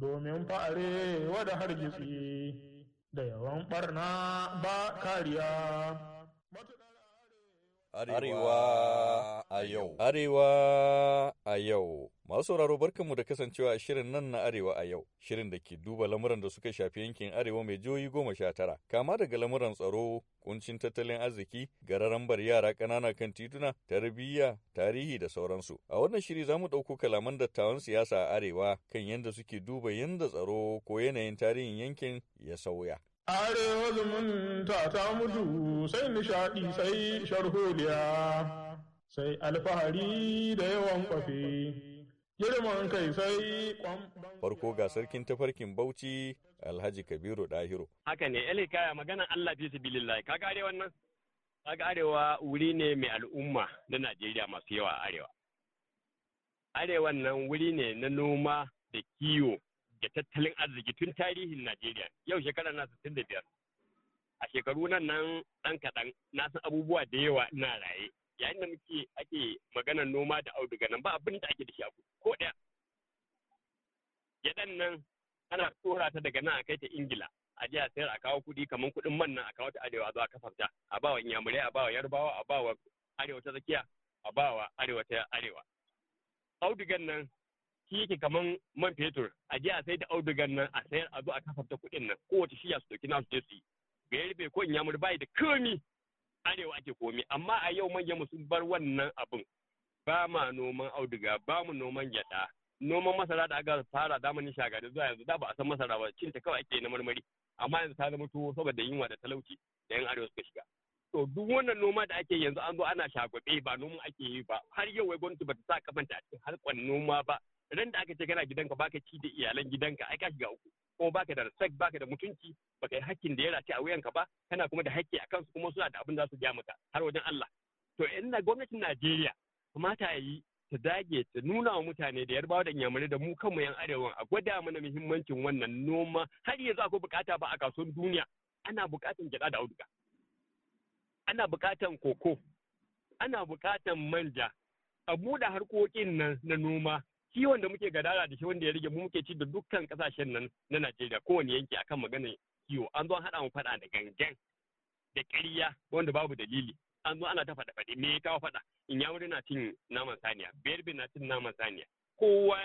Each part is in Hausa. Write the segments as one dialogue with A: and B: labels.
A: domin fa'are da hargitsi da yawan ɓarna ba kariya.
B: Arewa a yau. Arewa a yau. Masu sauraro barkanmu da kasancewa a shirin nan na Arewa a yau, shirin da ke duba lamuran da suka shafi yankin Arewa mai joyi goma sha tara, kama daga lamuran tsaro, kuncin tattalin arziki, gararambar yara ƙanana kan tituna, tarbiyya, tarihi da sauransu. A wannan shiri za mu ɗauko kalaman dattawan siyasa a Arewa kan yadda suke duba yadda tsaro ko yanayin tarihin yankin ya sauya.
C: Arewa
A: ta ta mutu sai nishaɗi sai sharholiya sai alfahari da yawan kwafe. Girman kai sai
B: Farko ga sarkin tafarkin Bauchi Alhaji Kabiru Dahiro.
A: Haka ne, ele kaya magana Allah fi Ka Kaga arewa nan? Kaga arewa wuri ne mai al'umma na Najeriya masu yawa a arewa. nan wuri ne na noma da kiwo da tattalin arziki tun tarihin Najeriya. Yau shekara na 65. a shekaru nan nan ɗan kaɗan na san abubuwa da yawa ina raye yayin da muke ake maganar noma da auduga nan ba abin da ake da shi a ko ɗaya gyaɗan nan ana tsora ta daga nan a kai ta ingila a je a sayar a kawo kuɗi kamar kuɗin man nan a kawo ta arewa zuwa ta a bawa inyamurai a bawa yarbawa a bawa arewa ta tsakiya a bawa arewa ta arewa audugan nan shi yake kamar man fetur a je a sai da audugan nan a sayar a zo a kasafta kuɗin nan kowace shiya su ɗauki nasu je su yi ga yarbe ko inyamur bai da komi arewa ake komi amma a yau manyan mu sun bar wannan abin ba ma noman auduga ba mu noman gyada noman masara da aka fara zamanin shagari zuwa yanzu da ba a san masara ba Cin ta kawai ake na marmari amma yanzu ta zama tuwo saboda yunwa da talauci da yan arewa suka shiga to duk wannan noma da ake yanzu an zo ana shagwabe ba noman ake yi ba har yau wai gwamnati ba ta sa kafanta a cikin harkar noma ba ran da aka ce kana gidanka baka ci da iyalan gidanka ai ka shiga uku kuma ka da respect ka da mutunci ba ka yi hakkin da ya race a wuyanka ba kana kuma da hakki a kansu kuma suna da abin za su ja maka har wajen Allah to ina gwamnatin Najeriya kamata yi ta dage ta nuna wa mutane da yarbawa da inyamurai da mu kanmu yan arewa a gwada mana muhimmancin wannan noma har yanzu akwai bukata ba a kasuwar duniya ana bukatan gyada da auduga ana bukatan koko ana bukatan manja a buɗe harkokin nan na noma kiwon da muke gadara da shi wanda ya rage mu muke ci da dukkan kasashen nan na Najeriya kowane yanki akan maganar kiwo an zo an haɗa mu faɗa da gangan da ƙarya wanda babu dalili an zo ana ta faɗa faɗi me ya kawo faɗa in ya na cin naman saniya berbe na cin naman saniya kowa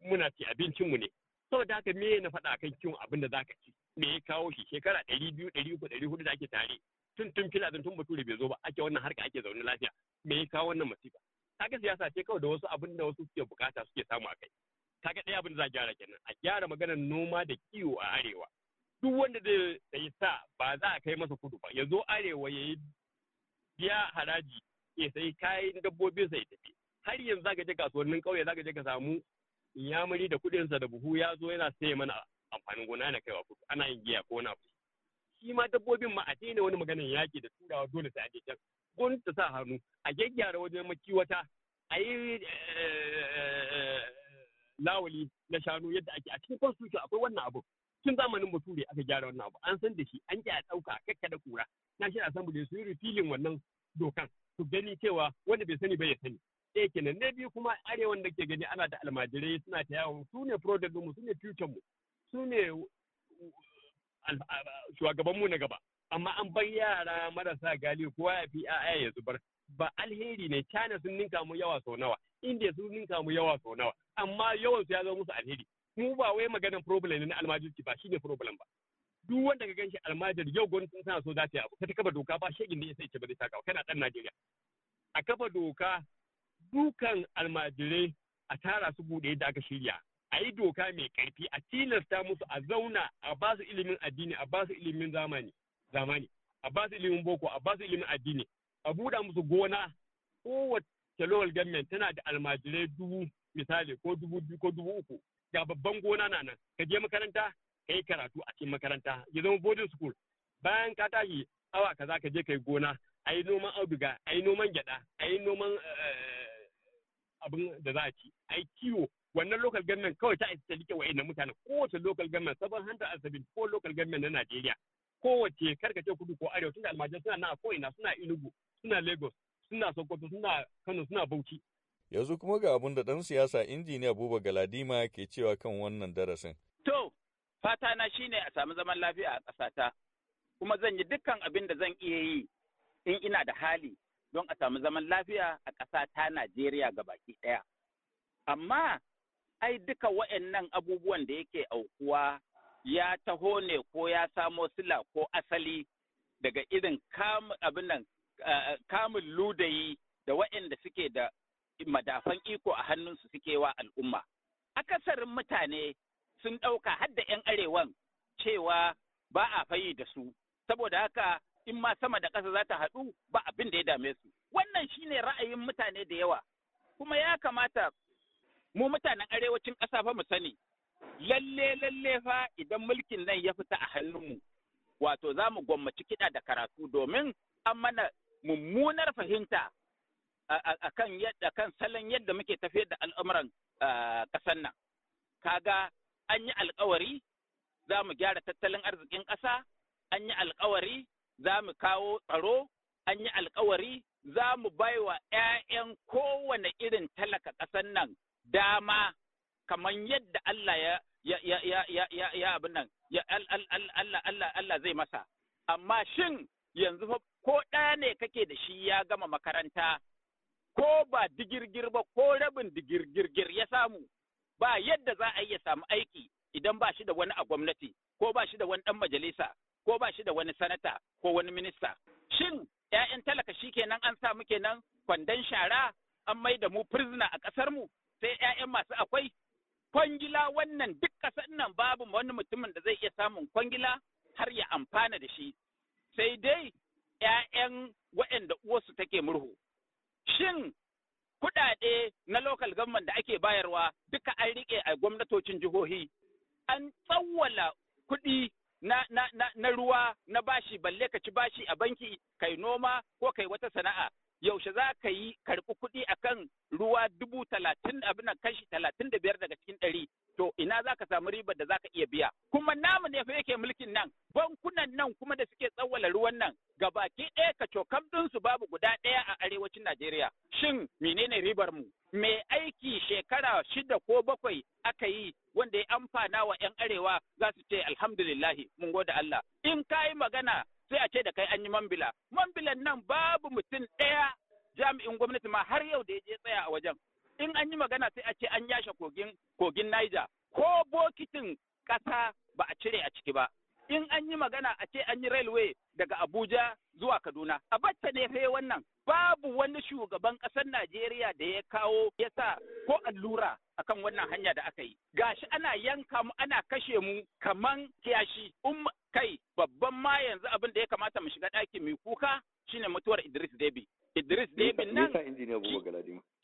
A: muna ci abincinmu ne saboda haka me na faɗa akan kiwon abin da zaka ci me ya kawo shi shekara ɗari biyu ɗari uku ɗari hudu da ake tare tun tun fila tun bature bai zo ba ake wannan harka ake zaune lafiya me ya kawo wannan masifa kaga siyasa ce kawai da wasu abin da wasu suke bukata suke samu a kai kaga ɗaya abin da za a gyara kenan a gyara maganar noma da kiwo a arewa duk wanda zai yi sa ba za a kai masa kudu ba ya zo arewa ya yi biya haraji ya sayi kayan dabbobin sai tafi har yanzu za ka je kasuwannin kauye ka je ka samu yamuri da kuɗinsa da buhu ya zo yana saye mana amfanin gona yana kaiwa kudu ana yin giya ko wani abu shi ma dabbobin ma a ne wani maganin yaƙi da turawa dole sai a je can kun ta sa hannu a gyaggyara wajen makiwata a yi eh, eh, eh, lawali na shanu yadda ake a cikin constitution akwai wannan abu tun zamanin bature aka gyara wannan abu an san da shi an ki a ɗauka kakkada kura a assembly su yi rifilin wannan dokan su gani cewa wanda bai sani ba ya sani ɗaya kenan na biyu kuma arewan da ke gani ana da almajirai suna ta yawon su ne project mu su ne future mu su ne uh, shugabanmu na gaba amma an bar yara marasa galihu kowa ya fi ya'ya ya zubar ba alheri ne cana sun ninka mu yawa sau nawa India sun ninka mu yawa sau nawa amma yawan su ya zama musu alheri mu ba wai maganar problem ne na almajirki ba shine problem ba duk wanda ka ganshi almajiri yau sun sana so za ta yi abu ta kafa doka ba shi da ya sai ce ba zai saka kana dan Najeriya a kafa doka dukan almajirai a tara su bude da aka shirya a yi doka mai karfi a tilasta musu a zauna a ba su ilimin addini a ba su ilimin zamani zamani a basu ilimin boko a basu ilimin addini a buɗa musu gona kowace local government tana da almajirai dubu misali ko dubu biyu ko dubu uku ga babban gona na nan ka je makaranta ka yi karatu a cikin makaranta ya zama boarding school bayan ka tashi awa kaza ka je ka yi gona a yi noman auduga a yi noman gyada a yi noman eh, abin da za a ci a yi kiwo wannan local government kawai ta isa ta rike wa'annan mutane kowace local government seven hundred and local government na Najeriya kowace karkace ce kudu ko arewa tunda almajirai suna nan a ko'ina suna inugu suna lagos suna sokoto suna kano suna bauchi
B: yanzu kuma ga abin da dan siyasa injiniya buba galadima ke cewa kan wannan darasin
C: to fata na shine a samu zaman lafiya a ƙasata kuma zan yi dukkan abin da zan iya yi in ina da hali don a samu zaman lafiya a ƙasata Najeriya ga baki ɗaya. Amma ai duka wa'annan abubuwan da yake aukuwa ya taho ne ko ya samo sila ko asali daga irin kamun ludayi da waɗanda suke da madafan iko a hannunsu suke wa al'umma. Akasarin mutane sun ɗauka har da ‘yan arewan cewa ba a fayi da su, saboda haka in ma sama da ƙasa za ta haɗu ba abin da ya dame su. Wannan shi ne ra'ayin mutane da yawa, kuma ya kamata mu mutanen arewacin ƙasa fa mu sani lalle lalle fa idan mulkin nan ya fita a hannunmu wato za mu gwammaci kiɗa da karatu domin an mana mummunar fahimta a kan yadda kan salon yadda muke tafiyar da al'amuran ƙasar nan kaga an yi alkawari za mu gyara tattalin arzikin ƙasa an yi alƙawari za mu kawo tsaro an yi alkawari za mu baiwa 'ya'yan kowane irin talaka ƙasar nan dama kamar yadda Allah ya ya ya ya ya ya abin nan ya Allah Allah Allah zai masa amma shin yanzu fa ko ɗaya ne kake da shi ya gama makaranta ko ba digirgir ba ko rabin digirgir ya samu ba yadda za a yi ya samu aiki idan ba shi da wani a gwamnati ko ba shi da wani ɗan majalisa ko ba shi da wani sanata ko wani minista shin ‘ya'yan talaka shi kenan an samu kenan kwandon shara an mai da mu firzina a ƙasar mu sai ‘ya'yan masu akwai kwangila wannan duk ƙasar nan babu wani mutumin da zai iya samun kwangila har ya amfana da shi sai dai ‘ya'yan waɗanda uwarsu take murhu. Shin kuɗaɗe na lokal government da ake bayarwa duka an riƙe a gwamnatocin jihohi, an tsawwala kuɗi na, na, na, na ruwa na bashi balle ka ci bashi a banki kai noma ko kai wata sana'a yaushe za ka yi karɓi kuɗi a kan ruwa dubu talatin abin kashi talatin da biyar daga cikin ɗari to ina za ka samu ribar da za ka iya biya kuma namu ne fa yake mulkin nan bankunan nan kuma da suke tsawwala ruwan nan gabaki ɗaya ka cokam ɗinsu babu guda ɗaya a arewacin Najeriya shin menene ribar mu mai aiki shekara shida ko bakwai aka yi wanda ya amfana wa 'yan arewa za su ce alhamdulillahi mun gode Allah in ka yi magana sai a ce da kai an yi mambila mambilan nan babu mutum ɗaya jami'in gwamnati ma har yau da ya je tsaya a wajen in an yi magana sai a ce an yashe kogin kogin Niger ko bokitin ƙasa ba a cire a ciki ba in an yi magana a ce an yi railway daga Abuja zuwa Kaduna. A Abacha ne fa wannan babu wani shugaban ƙasar Najeriya da ya kawo ya sa ko allura akan wannan hanya da aka yi. Gashi ana yanka mu ana kashe mu kaman kiyashi. Um kai babban ma yanzu abin da ya kamata mu shiga ɗaki mai kuka shine mutuwar Idris Debi. Idris Debi nan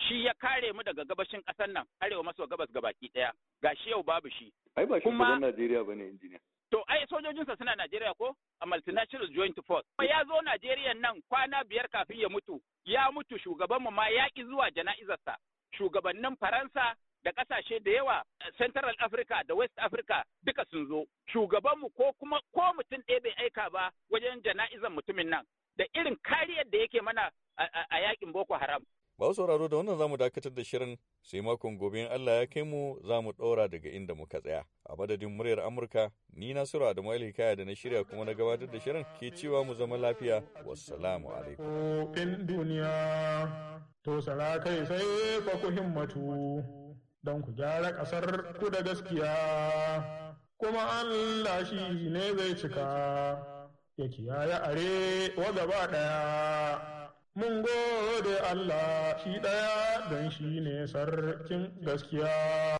C: shi ya kare mu daga gabashin ƙasar nan arewa maso gabas gabaki ɗaya. Gashi yau babu shi.
B: Ai ba shugaban Najeriya bane injiniya.
C: To ai sojojinsa suna Najeriya ko? A multinational joint force. kuma Ya zo Najeriya nan kwana biyar kafin ya mutu. Ya mutu shugabanmu ma ya ki zuwa jana'izarsa. Shugabannin Faransa da ƙasashe da yawa Central Africa da West Africa duka sun zo. Shugabanmu ko kuma ko mutum ɗaya bai aika ba wajen jana'izar mutumin nan. Da irin kariyar da yake mana a yakin Boko Haram.
B: Ba sauraro da wannan zamu dakatar da shirin sai makon gobe in Allah ya kai mu zamu mu ɗora daga inda muka tsaya. a madadin muryar amurka ni nasiru da alhikaya da na shirya kuma na gabatar da shirin ke cewa mu zama lafiya wassalamu
A: alaikum to sai himmatu don ku gyara ƙasar ku da gaskiya kuma allah shi ne zai cika ya kiyaye are wa gaba ɗaya mun gode allah shi ɗaya don shi ne sarkin gaskiya